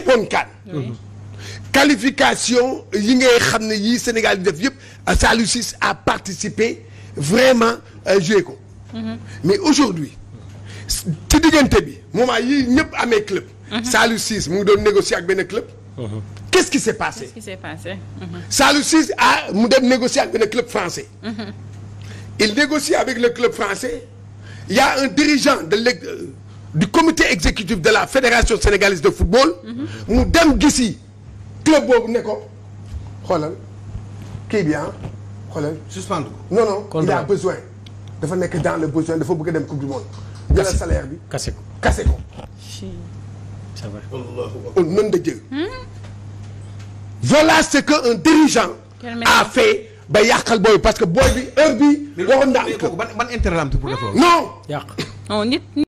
bonne qualification yi ngay Sénégal def a participé vraiment jeu ko mhm. mais aujourd'hui tu dis bi moment es a mes club mhm. salut 6, mu doon négocier avec benn club mhm. qu'est-ce qui s'est passé qu'est-ce qui s'est passé a mu dem négocier avec le club français il négocie avec le club français il y a un dirigeant de le du comité exécutif de la fédération sénégalaise de football. Mhm. mu dem gisi club boobu ne ko xoolal kii bi ah suspendre non non. il a besoin. dafa nekk dans le besoin dafa faut a dem coupe du monde. jëlal salaire bi kase ko kase ko. ça va. au nom de Dieu. Hmm? voilà ce que un dirigeant. a fait ba yakal boy parce que Boy bi heure bi waroon na am. ban ban pour def non yak non nit.